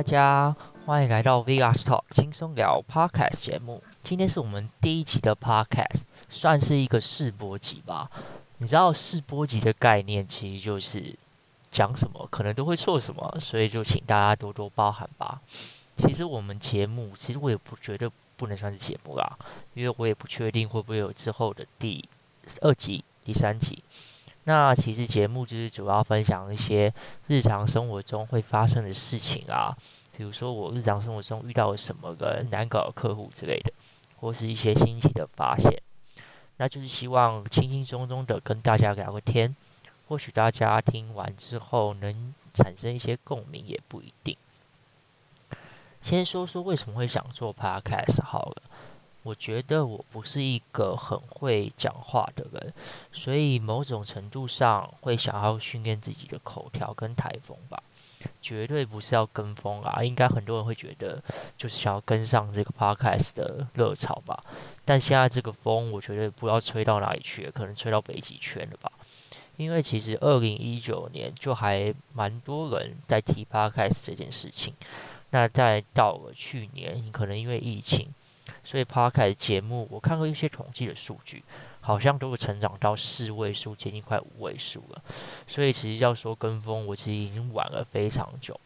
大家歡迎來到 WLIIA's talk 輕鬆聊 Podcast 節目。今天是我們第一集的 Podcast，算是一個試播集吧。你知道試播集的概念，其實就是講什麼可能都會錯什麼，所以就請大家多多包涵吧。其實我們節目，其實我也不覺得不能算是節目啦，因為我也不確定會不會有之後的第二集、第三集。那其實節目就是主要分享一些日常生活中會發生的事情啊，比如說我日常生活中遇到什麼難搞的客戶之類的，或是一些新奇的發現。那就是希望輕輕鬆鬆的跟大家聊個天，或許大家聽完之後能產生一些共鳴也不一定。先說說為什麼會想做 Podcast 好了。我覺得我不是一個很會講話的人，所以某種程度上會想要訓練自己的口條跟颱風吧。絕對不是要跟風啊，應該很多人會覺得就是想要跟上這個 podcast 的熱潮吧。但現在這個風，我覺得不知道吹到哪裡去，可能吹到北極圈了吧。因為其實二零一九年就還蠻多人在提 podcast 這件事情，那再到了去年，可能因為疫情。所以 Podcast 節目，我看過一些統計的數據，好像都成長到四位數，接近快五位數了。所以其實要說跟風，我其實已經晚了非常久。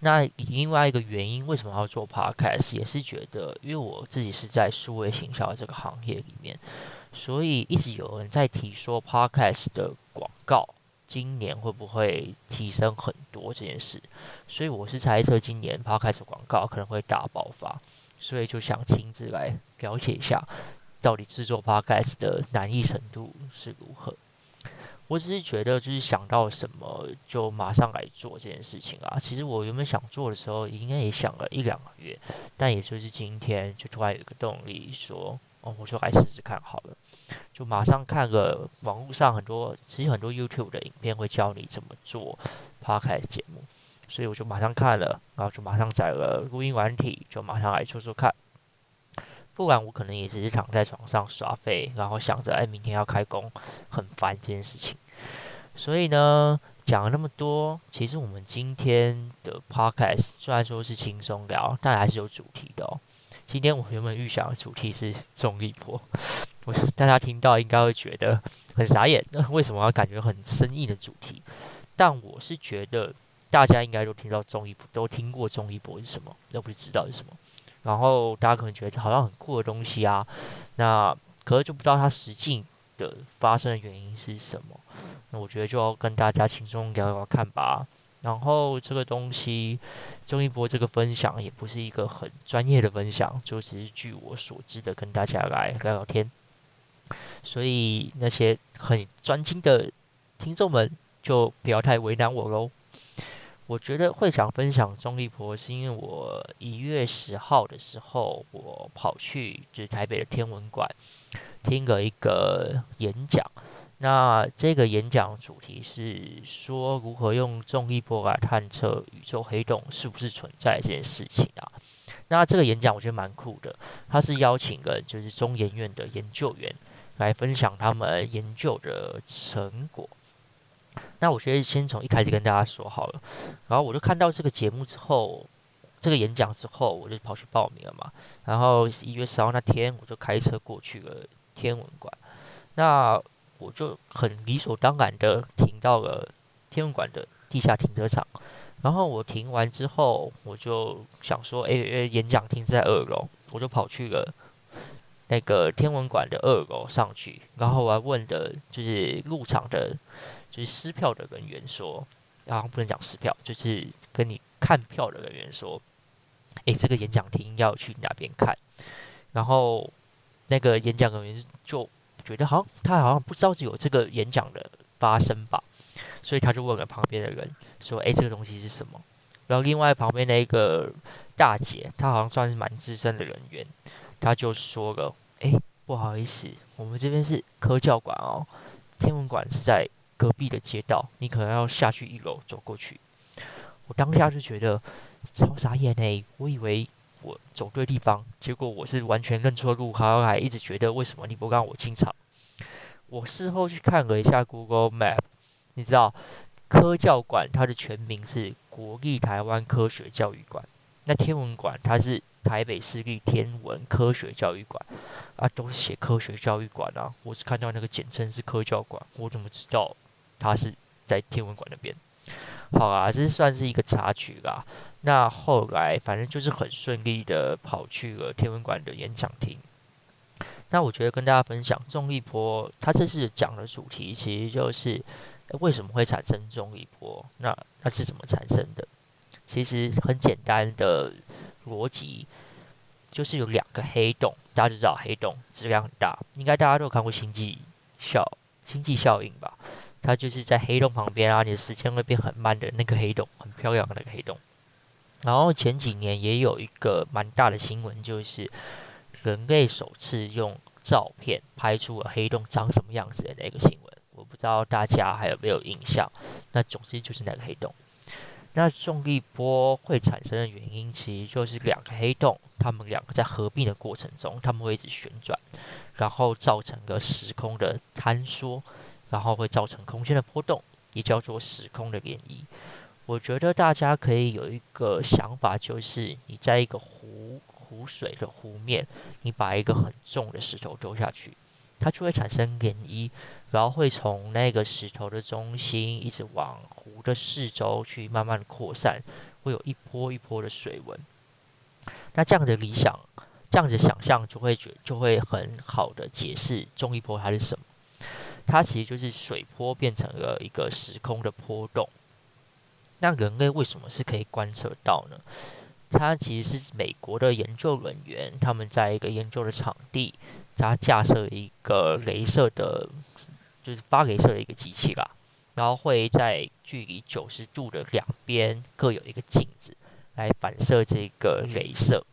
那另外一個原因，為什麼要做 Podcast 也是覺得，因為我自己是在數位行銷這個行業裡面，所以一直有人在提說 Podcast 的廣告今年會不會提升很多這件事。所以我是猜測，今年 Podcast 廣告可能會大爆發。所以就想親自來了解一下，到底製作 podcast 的難易程度是如何。我只是覺得，就是想到什麼就馬上來做這件事情啊。其實我原本想做的時候，應該也想了一兩個月，但也就是今天就突然有一個動力，說，哦，我就來試試看好了。就馬上看個網絡上很多，其實很多 YouTube 的影片會教你怎麼做 podcast 節目。所以我就馬上看了，然後就馬上載了錄音軟體，就馬上來說說看。不然我可能也只是躺在床上耍廢，然後想着，哎、欸，明天要開工，很煩這件事情。所以呢，講了那麼多，其實我們今天的 podcast 雖然說是輕鬆聊，但還是有主題的，哦。今天我原本預想的主題是重力波，我 大家聽到應該會覺得很傻眼，為什麼要感覺很生硬的主題？但我是覺得。大家應該都聽到重力波，都聽過重力波是什麼，都不知道是什麼。然後大家可能覺得好像很酷的東西啊，那可是就不知道它實際的發生的原因是什麼。那我覺得就要跟大家輕鬆聊聊看吧。然後這個東西，重力波這個分享也不是一個很專業的分享，就只是據我所知的跟大家來聊聊天。所以那些很專精的聽眾們就不要太為難我嘍。我覺得會想分享重力波，是因為我一月十號的時候，我跑去就是台北的天文館聽了一個演講。那這個演講主題是說如何用重力波來探測宇宙黑洞是不是存在這件事情啊。那這個演講我覺得蠻酷的，他是邀請了就是中研院的研究員來分享他們研究的成果。那我覺得先從一開始跟大家說好了，然後我就看到這個節目之後，這個演講之後，我就跑去報名了嘛。然後一月十號那天，我就開車過去了天文館。那我就很理所當然的停到了天文館的地下停車場。然後我停完之後，我就想說：“哎，演講廳在二樓。”我就跑去了。那個天文館的二樓上去，然後我還問的就是入場的，就是撕票的人員說，然後不能講撕票，就是跟你看票的人員說，誒、欸，這個演講廳要去哪邊看？然後那個演講人員就覺得好像他好像不知道是有這個演講的發生吧，所以他就問了旁邊的人說，誒、欸，這個東西是什麼？然後另外旁邊那一個大姐，她好像算是蠻資深的人員。他就說了：“哎、欸，不好意思，我們這邊是科教館哦，天文館是在隔壁的街道，你可能要下去一樓走過去。”我當下就覺得超傻眼誒、欸，我以為我走對地方，結果我是完全認錯路，好像還一直覺得為什麼你不讓我進場。我事後去看了一下 Google Map，你知道科教館它的全名是國立台灣科學教育館，那天文館它是。台北市立天文科學教育館，啊，都是寫科學教育館啊。我只看到那個簡稱是科教館，我怎麼知道他是在天文館那邊？好啊，這是算是一個插曲啦。那後來反正就是很順利的跑去了天文館的演講廳。那我覺得跟大家分享重力波，它這次講的主題，其實就是，欸，為什麼會產生重力波？那那是怎麼產生的？其實很簡單的。邏輯就是有兩個黑洞，大家都知道黑洞質量很大，應該大家都有看過星際效星際效應吧？它就是在黑洞旁邊啊，你的時間會變很慢的那個黑洞，很漂亮的那個黑洞。然後前幾年也有一個蠻大的新聞，就是人類首次用照片拍出了黑洞長什麼樣子的那個新聞。我不知道大家還有沒有印象？那總之就是那個黑洞。那重力波會產生的原因，其實就是兩個黑洞，它們兩個在合併的過程中，它們會一直旋轉，然後造成個時空的坍縮，然後會造成空間的波動，也叫做時空的漣漪。我覺得大家可以有一個想法，就是你在一個湖湖水的湖面，你把一個很重的石頭丟下去。它就會產生漣漪，然後會從那個石頭的中心一直往湖的四周去慢慢地擴散，會有一波一波的水紋。那這樣的理想，這樣子想象，就會覺就會很好的解釋重力波它是什麼。它其實就是水波變成了一個時空的波動。那人類為什麼是可以觀測到呢？它其實是美國的研究人員，他們在一個研究的場地。它架設一個雷射的，就是發雷射的一個機器吧，然後會在距離九十度的兩邊各有一個鏡子，來反射這個雷射。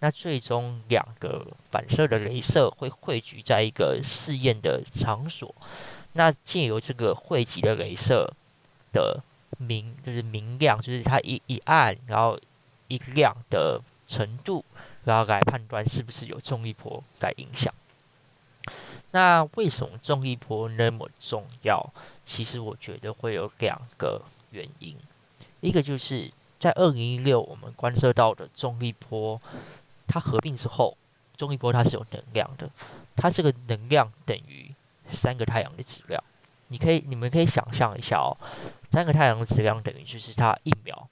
那最終兩個反射的雷射會匯聚在一個試驗的場所。那借由這個匯集的雷射的明，就是明亮，就是它一一暗然後一亮的程度，然後來判斷是不是有重力波在影響。那為什麼重力波那麼重要？其實我覺得會有兩個原因，一個就是在二零一六我們觀測到的重力波，它合併之後，重力波它是有能量的，它這個能量等於三個太陽的質量。你可以你們可以想象一下哦，三個太陽的質量等於就是它一秒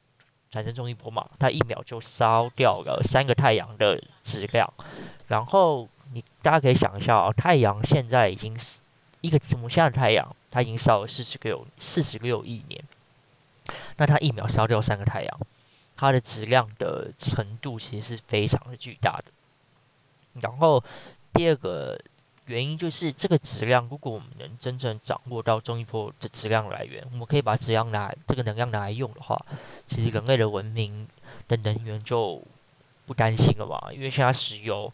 產生重力波嘛，它一秒就燒掉了三個太陽的質量，然後。你大家可以想一下啊、哦，太陽現在已經是一個母下的太陽，它已經燒了四十六四十六億年。那它一秒燒掉三個太陽，它的質量的程度其實是非常的巨大的。然後第二個原因就是這個質量，如果我們能真正掌握到重力波的質量來源，我們可以把質量拿這個能量拿來用的話，其實人類的文明的能源就不擔心了吧？因為現在石油。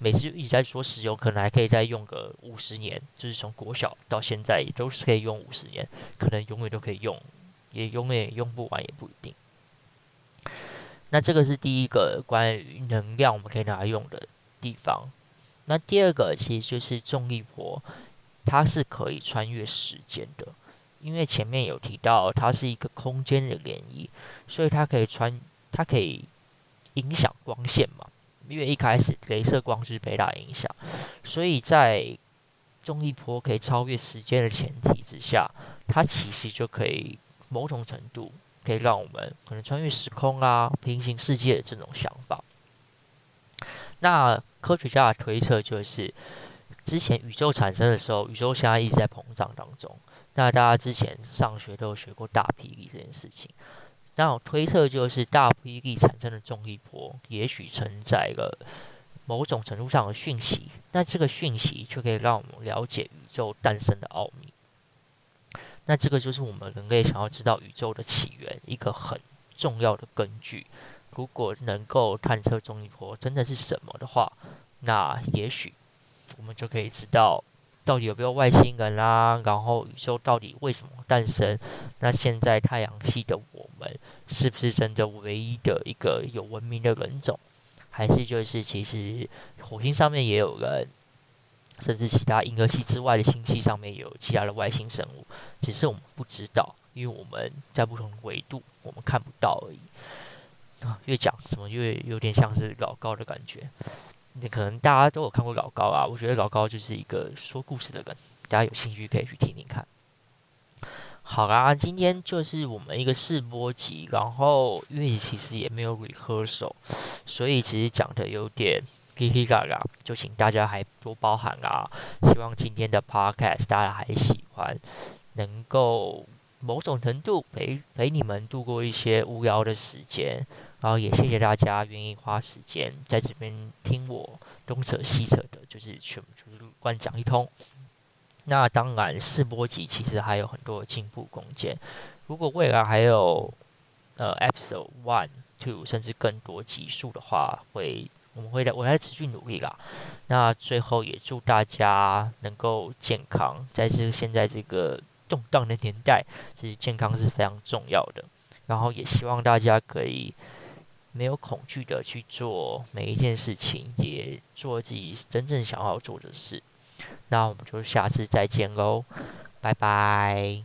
每次一直在說使用，可能還可以再用個五十年，就是從國小到現在也都是可以用五十年，可能永遠都可以用，也永遠用不完也不一定。那這個是第一個關於能量我們可以拿來用的地方。那第二個其實就是重力波，它是可以穿越時間的，因為前面有提到它是一個空間的漣漪，所以它可以穿，它可以影響光線嘛。因為一開始，鐳射光之被大影響，所以在重力波可以超越時間的前提之下，它其實就可以某種程度可以讓我們可能穿越時空啊、平行世界的這種想法。那科學家的推測就是，之前宇宙產生的時候，宇宙現在一直在膨脹當中。那大家之前上學都有學過大霹靂這件事情。那我推測就是大霹靂產生的重力波，也許承載了某種程度上的訊息。那這個訊息就可以讓我們了解宇宙誕生的奧秘。那這個就是我們人類想要知道宇宙的起源一個很重要的根據。如果能夠探測重力波真的是什麼的話，那也許我們就可以知道。到底有沒有外星人啦、啊？然後宇宙到底為什麼誕生？那現在太陽系的我們，是不是真的唯一的一個有文明的人種？還是就是其實火星上面也有人，甚至其他銀河系之外的星系上面也有其他的外星生物，只是我們不知道，因為我們在不同維度，我們看不到而已。啊，越講怎麼越有點像是老高的感覺。可能大家都有看過老高啊，我覺得老高就是一個說故事的人，大家有興趣可以去聽聽看。好啦，今天就是我們一個試播集，然後因為其實也沒有 rehearsal，所以其實講的有點嘰嘰嘎嘎，就請大家還多包涵啊。希望今天的 podcast 大家還喜歡，能夠某種程度陪陪你們度過一些無聊的時間。然後也謝謝大家願意花時間在這邊聽我東扯西扯的，就是全部就是亂講一通。那當然，試播集其實還有很多進步空間。如果未來還有呃，episode one two，甚至更多集數的話，會我們會來我來持續努力啦。那最後也祝大家能夠健康，在這現在這個動盪的年代，其實健康是非常重要的。然後也希望大家可以。沒有恐懼的去做每一件事情，也做自己真正想要做的事。那我們就下次再見嘍，拜拜。